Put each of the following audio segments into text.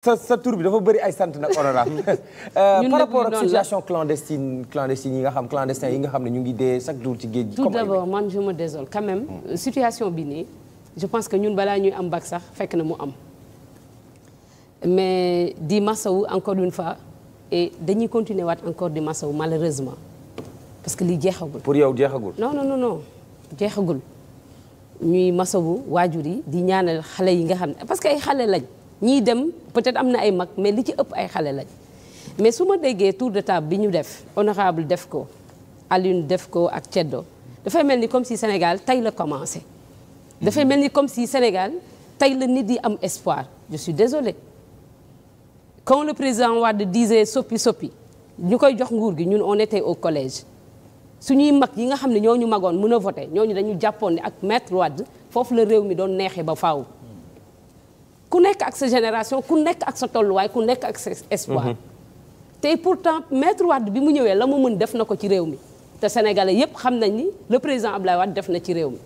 sa sa tur bi dafa bëri ay sant nag honorable euh, par rapport ak situation clandestine clandestine yi nga xam clandestin yi nga xam ne ñu ngi dee chaque jour ci géej gi. man je me désole même. Hmm. Euh, situation bi nii je pense que ñun balaa ñuy am bac sax fekk na mu am. di masawu encore une fois dañuy continuer encore di masawu malheureusement parce que lii jeexagul. pour yow jeexagul. non non non jeexagul ñuy masawu waajur yi di ñaanal xale yi nga xam ne parce que ay xale lañ ñiy dem. peut-être am na ay mag mais li ci ëpp ay xale lañ mais su ma déggee tour de table bi ñu def honorable def ko Alioune def ko ak Ceddo dafay mel ni comme si Sénégal tey la commencé dafay mel ni comme si Sénégal tey la nit yi am espoir je suis désolée quand le président Wade disait soppi soppi ñu koy jox nguur gi ñun on était au collège suñuy mag yi nga xam ne ñoo ñu magoon mën a voté ñooñu dañu jàppoon ne ak maître Wade foofu la réew mi doon neexee ba faaw. ku nekk ak sa génération ku nekk ak sa tolluwaay ku nekk ak sa espoir. Mhm. tey pourtant maître Wade bi mu ñëwee la mu mën def na ko ci réew mi te sénégalais yépp xam nañ ni le président Abdoulaye Wade def na ci réew mi.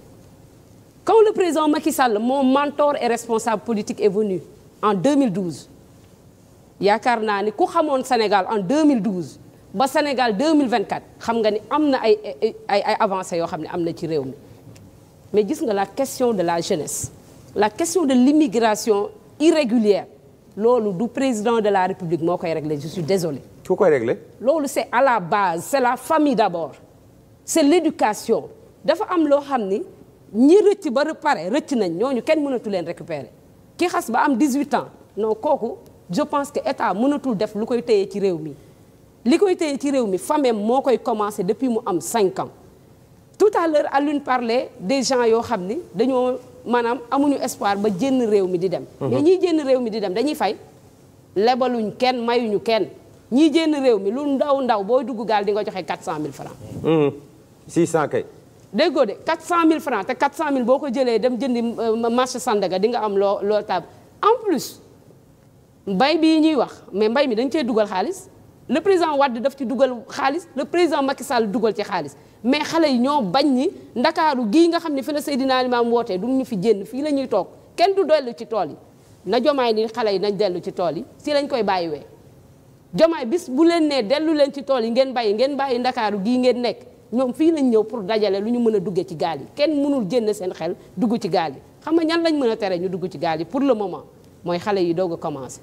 quand le président Macky Sall mon mentor et responsable politique est venu en 2012 yaakaar naa ni ku xamoon Sénégal en 2012 ba Sénégal 2024 xam nga ni am na ay ay ay yoo xam ne am na ci réew mi mais gis nga la question de la jeunesse. la question de l'immigration irrégulière loolu du président de la République moo koy régler je suis désolé ku koy régler loolu c'est à la base c'est la famille d'abord c'est l'éducation dafa am loo xam ni ñi rëcc ba pare rëcc nañ ñooñu kenn mënatu leen récupérer ki xas ba am dix 18 ans non kooku je pense que état mënatul def lu koy téye ci réew mi li koy téye ci réew mi fameem moo koy commencé depuis mu am cinq ans tout à l'heure Alioune parlait des yoo xam ni dañoo maanaam amuñu espoir ba jënn réew mi di dem mhm. mais ñii jënn réew mi di dem dañuy fay lebaluñ kenn mayuñu kenn ñii jënn réew mi lu ndaw ndaw boo dugg gaal di nga joxe 400000 francs 600 mhm. kay déggoo de cent 400000 francs te 400000 boo ko jëlee dem jëndi euh, marché Sandaga di nga am loo loo tab en plus mbay bii ñuy wax mais mbay mi dañ cee dugal xaalis le président Wade daf ci dugal xaalis le président Macky Sall dugal ci xaalis mais xale yi ñoo bañ ni ndakaaru gii nga xam ne fi la Seydina Limaam wootee du ñu fi jénn fii la ñuy toog kenn du dellu ci tool yi na jomaay nii xale yi nañ dellu ci tool yi si lañ koy bàyyiwee jomaay bis bu leen nee dellu leen ci tool yi ngeen bàyyi ngeen bàyyi ndakaaru gii ngeen nekk ñoom fii lañ ñëw pour dajale lu ñu mën a duggee ci gaal yi kenn mënul jénn seen xel dugg ci gaal yi xam ñan lañ mën a tere ñu dugg ci gaal yi pour le moment mooy xale yi doog a commencé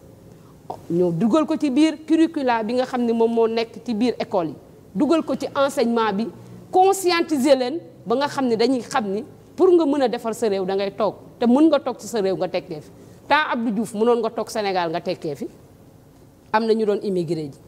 ñoo dugal ko ci biir curricula bi nga xam ne moom moo nekk ci biir école yi dugal ko ci enseignement bi conscientiser leen ba nga xam ne dañuy xam ni pour nga mën a defar sa réew da ngay toog te mën nga toog ci sa réew nga tekkee fi temps Abdou Diouf mënoon nga toog Sénégal nga tekkee fi am na ñu doon immigré ji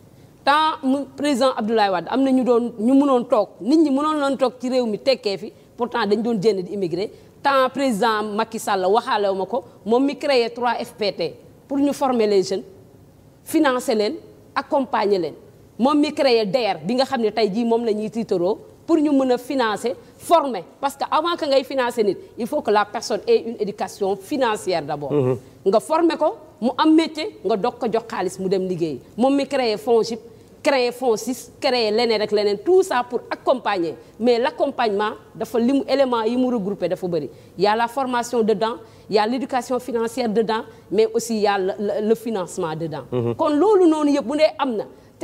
temps mu président Abdoulaye Wade am na ñu doon ñu mënoon toog nit ñi mënoon loon toog ci réew mi tekkee fi pourtant dañ doon jénn di immigré temps président Macky Sall waxaalewu ma ko moom mi créé 3FPT pour ñu former les jeunes financé leen accompagner leen moom mi créé DER bi nga xam ne tey jii moom la ñuy tiitaroo pour ñu mën a financer former parce que avant que ngay financer nit il faut que la personne ait une éducation financière d'abord mm-hmm. nga former ko mu am métier nga dog ko jox xaalis mu dem liggéey moom mi créer FONGIP créer FONSIS créer leneen rek leneen tout ça pour accompagner mais l'accompagnement dafa li mu élément yi mu regroupé dafa bëri y la formation de y a l'éducation financière de dans mais aussi y a le, le, le financement dedans mm-hmm. kon loolu noonu yëpp bu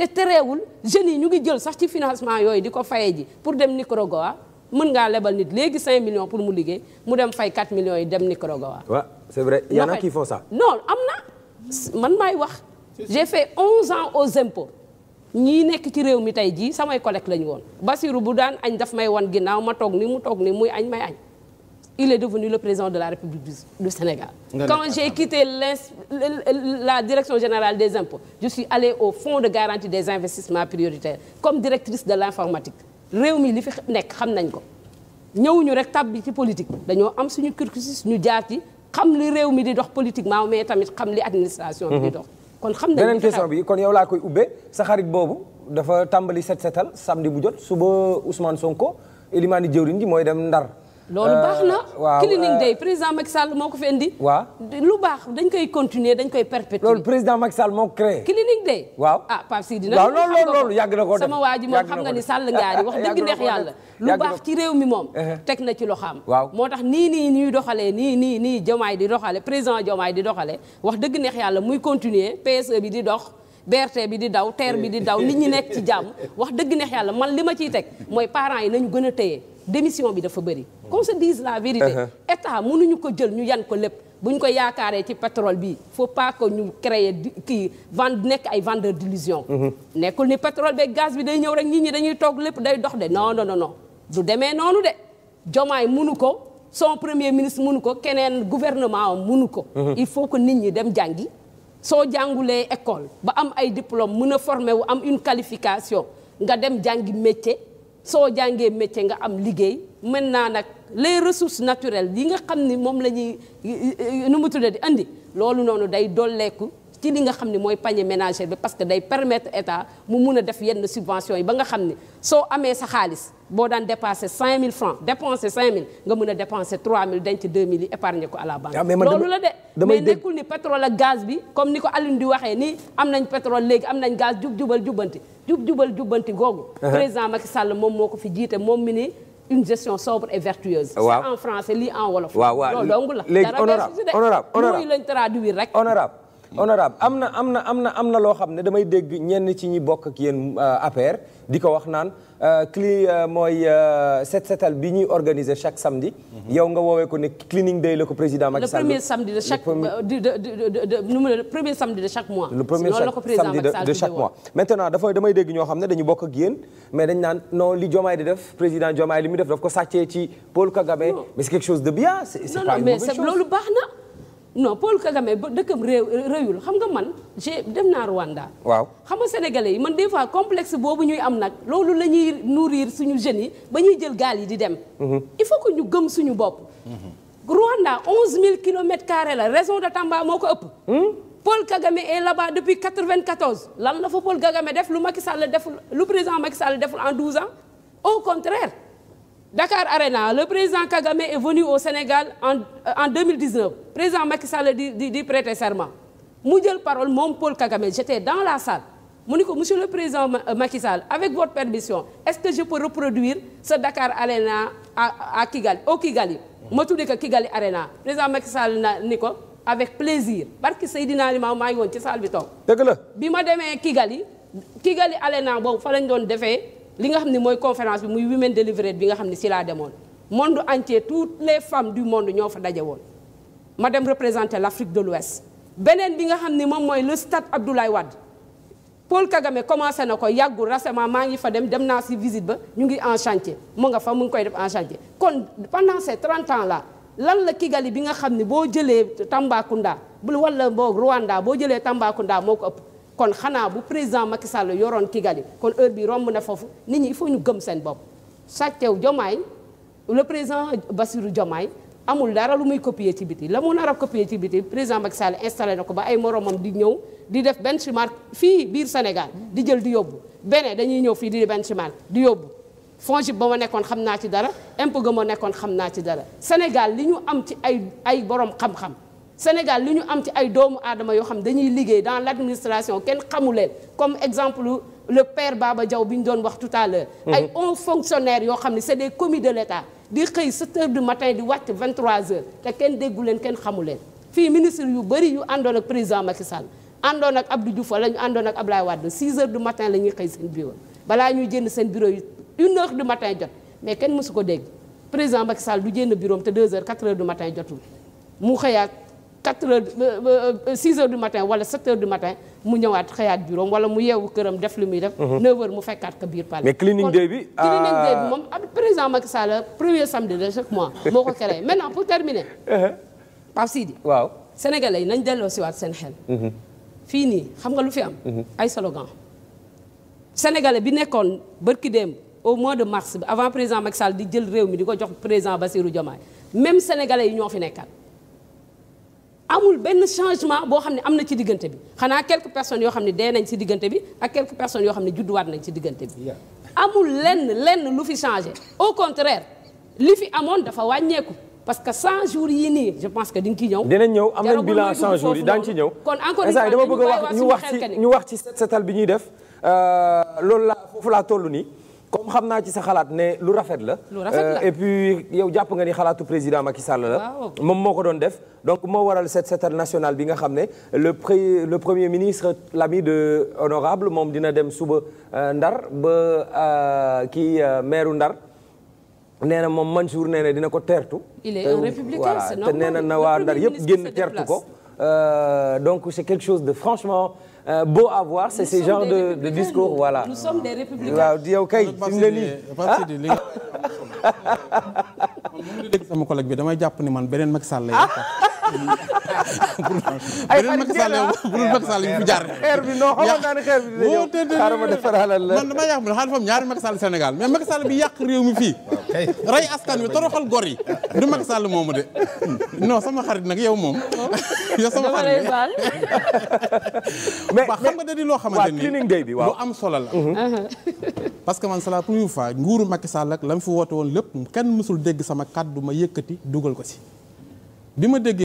te te tereewul jeunes yi ñu ngi jël sax ci financement yooyu di ko faye ji pour dem Nicaragua mën ngaa lebal nit léegi 5 millions pour mu liggéey mu dem fay 4 millions yi dem Nicaragua. waaw c'est vrai y en a qui font ça. non am na man maay wax. j'ai fait 11 ans aux impôts. ñii nekk ci réew mi tey jii samay collègues lañu woon Basirou bu daan añ daf may wan ginnaaw ma toog nii mu toog nii muy añ may añ. il est devenu le président de la République du Sénégal. Quand j'ai quitté la direction générale des impôts, je suis allée au fonds de garantie des investissements prioritaires comme directrice de l'informatique. réew mi li fi nekk xam nañ ko ñëwuñu rek tab bi ci politique dañoo am suñu cursus ñu jaar ci xam li réew mi di dox politiquement mais tamit xam li administration bi di mhm. dox. kon xam nañ beneen question bi kon yow laa koy ubbee sa xarit boobu dafa tàmbali set setal samedi bu jot suba Ousmane Sonko Elimani jëwriñ mooy dem Ndar. loolu euh, baax na. waaw cleaning euh, day président Macky Sall moo ko fi indi. waaw lu baax dañ koy continuer dañ koy perpétuer. loolu président Macky Sall moo ko créé. cleaning day. waaw ah Pape Sidi dina. ko def sama waa ji moom xam nga ni Sall ngaari wax dëgg neex yàlla. lu baax ci réew mi moom. Uh-huh. teg na ci loxaam. waaw moo tax nii nii ñuy doxalee nii nii nii Diomaye di doxalee président Diomaye di doxalee wax dëgg neex yàlla muy continuer PSE bi di dox. BRT bi di daw TER bi di daw nit ñi nekk ci jàmm wax dëgg neex yàlla man li ma ciy teg mooy parents yi nañu gën a téye démission bi dafa bëri qu'on se dise la vérité uh-huh. état mënuñu ko jël ñu yan ko lépp bu ñu ko yaakaaree ci pétrole bi foo pas que ñu créer kii vend nekk ay vendeur d'illusion uh-huh. nekkul ni pétrole beeg gaz bi day ñëw rek nit ñi dañuy toog lépp day dox de non non non du demee noonu de jomaay mënu ko son premier ministre mënu ko keneen gouvernement am mënu ko uh-huh. il faut que nit ñi dem jàngi soo jàngulee école ba am ay diplôme mun a former wu am une qualification nga dem jàngi métier soo jàngee métier nga am liggéey naa nag les ressource naturelles yi nga xam ni moom la ñuy nu mu tuddee di andi loolu noonu day dolleeku ci li nga xam ne mooy panier ménager bi parce que day permettre état mu mun a def yenn subvention yi ba nga xam ne soo amee sa xaalis boo daan dépassé 5000 francs dépensé 5000 nga mën a dépensé 3000 denc 2000 yi épargné ko à la banque. Ah, loolu la de mais nekkul ni pétrole ak gaz bi comme ni ko Alioune di waxee ni am nañ pétrole léegi am nañ gaz jub jubal jubbanti jub jubal jubbanti googu. Uh-huh. président Macky Sall moom moo ko fi jiite moom m ni une gestion sobre et vertueuse. waaw c'est en français lii en wolof. waaw waaw léegi honorable loolu dong honorable am na am na am na am na loo xam ne damay dégg ñenn ci ñi bokk ak yéen euh, APR di ko wax naan euh, cli euh, mooy set setal bi ñuy organiser chaque samedi. Mhm. yow nga woowee ko ne cleaning day la ko président Macky Sall. le premier samedi de chaque le premier samedi de chaque mois. maintenant dafa damay dégg ñoo xam ne dañu bokk ak yéen mais dañ naan non li Diomaye di def président Diomaye li mu def daf ko sàccee ci Paul Kagame. mais c'est quelque chose de bien. loolu baax na. non Paul Kagame ba dëkkam réew réewul xam nga man j'ai dem naa Rwanda. waaw xam nga sénégalais yi man des fois complexe boobu ñuy am nag loolu la ñuy nourrir suñu jeunes yi ba ñuy jël gaal yi di dem. Mhm. il faut que ñu gëm suñu bopp. Mhm. Rwanda 11000 kilomètres carrés la région de Tamba moo ko ëpp. Hmm? Paul Kagame est là-bas depuis 94 lan la fa Paul Kagame def lu Macky Sall def lu président Macky Sall deful en 12 ans au contraire. Dakar Arena, le président Kagame est venu au Sénégal en, euh, en 2019. Le président Macky Sall dit, dit, dit prêter serment. Mu jël parole moom Paul Kagame j'étais dans la salle mu ni ko monsieur le président euh, Macky Sall avec votre permission est-ce que je peux reproduire ce Dakar Arena à à Kigali au Kigali. ma tuddee ko Kigali Arena président Macky Sall na ni ko avec plaisir barki Seydina Limamou maa ngi woon ci salle bi toog. dëgg ma demee Kigali Kigali Arena boobu fa lañ doon defee. li nga xam ni mooy conférence bi muy women delivery bi nga xam ne si laa demoon monde entier toutes les femmes du monde ñoo fa daje woon ma dem représenter l'Afrique de l'Ouest beneen bi nga xam ni moom mooy le stade Abdoulaye Wade Paul Kagame commencé na ko yàggul récemment maa ngi fa dem dem naa si visit ba ñu ngi en chantier mu nga fa mu ngi koy def en chantier kon pendant ces 30 ans là lan la Kigali bi nga xam ne boo jëlee Tambacounda wala boo Rwanda boo jëlee Tambacounda moo ko ëpp kon xanaa bu président Macky Sall yoroon Kigali kon heure bi romb na foofu nit ñi il faut ñu gëm seen bopp sàccew Diomaye le président bassiru Diomaye amul dara lu muy copier ci biti la mu nar a copier ci biti président Macky Sall installé na ko ba ay moromam di ñëw di def benchmark fii biir Sénégal di jël di yóbbu beneen dañuy ñëw fii di benchmark di yóbbu FONGIP ba ma nekkoon xam naa ci dara impôt ga ma nekkoon xam naa ci dara Sénégal li ñu am ci ay ay borom xam Sénégal li ñu am ci ay doomu aadama yoo xam ne dañuy liggéey dans l' administration kenn xamu leen comme exemple le père Baba jaw bi ñu doon wax tout à l'heure mhm. ay hauts fonctionnaires yoo xam ne c' est des commis de l' état di xëy 7 heures du matin di wàcc 23 heures te kenn déggu leen kenn xamu leen fii ministre yu bëri yu àndoon ak président Macky Sall àndoon ak ab Diouf wala ñu àndoon ak Ablaye Wade 6 heures du matin la ñuy xëy seen bureau balaa ñuy jënd seen bureau yi une heure du matin mais kenn mësu ko dégg président Macky du jënd bureau te 2 heures 4 heures du matin jotul mu xëyaat. quatre heures euh, euh, six heures du matin wala sept heures du matin mu ñëwaat xëyaat bureau wala mu yeewu këram def li muy def. Mhm. neuf heures mu fekkaat ko biir palais. mais cleaning day bi. cleaning day bi ah. moom ah, président Macky Sall premier samedi de chaque mois moo ko créé maintenant pour terminer. Uh-huh. Pape Sidi. waaw sénégalais yi nañ delloo si waat seen xel. Mhm. fii nii xam nga lu fi am. Mhm. ay slogan sénégalais bi nekkoon bërki démb au mois de mars avant président Macky Sall di jël réew mi di ko jox président Bassirou Diomaye même sénégalais yi ñoo fi nekkaat. amul benn changement boo xam ne am na ci diggante bi xanaa quelques personnes yoo xam ne dee nañ ci diggante bi ak quelques personnes yoo xam ne judduwaat nañ ci diggante bi. amul lenn lenn lu fi changé. au contraire li fi amoon dafa wàññeeku parce que 100 jours yi nii je pense que di nga ciy ñëw. dinañ ñëw am nañ bilan 100 jours yi daañu ci ñëw. kon encore une fois wax ñu wax ci ñu wax ci setal bi ñuy def euh, loolu laa foofu laa toll nii. comme xam naa ci sa xalaat ne lu rafet la. lu euh, et puis yow jàpp nga ni xalaatu président Macky Sall la. moom moo ko doon def. donc moo waral set setal national bi nga xam ne le pré le premier ministre l'ami de honorable moom dina dem suba euh, Ndar ba euh, kii maire Ndar. nee na moom Mansour nee na dina ko teertu. il nee na na waa Ndar yëpp génn teertu ko. donc c'est quelque chose de franchement. Euh, beau à voir c'est genre de de discours voilà. nous sommes des républicains waaw di yow kay. ne nii dégg ah. sama collègue bi damay jàpp ni man beneen Macky Sall lay ah. ay beneen Macky Sall beneen Macky Sall yi jaar xeer bi non xamoon naa ne xeer bi ma defaralal la man damay yàq ñaari Macky Sall Sénégal mais Macky Sall bi yàq réew mi fii rey askan wi toroxal gor yi du Macky Sall moomu de no sama xarit nag yow moom oh. yow sama xarit mais xam nga da di loo xamante ni lu am solo la mhm. uh-huh. parce que man c'est la première fois nguuru Macky Sall lan la mu woon lépp kenn mësul dégg sama kàddu ma yëkkati dugal ko ci bi ma déggee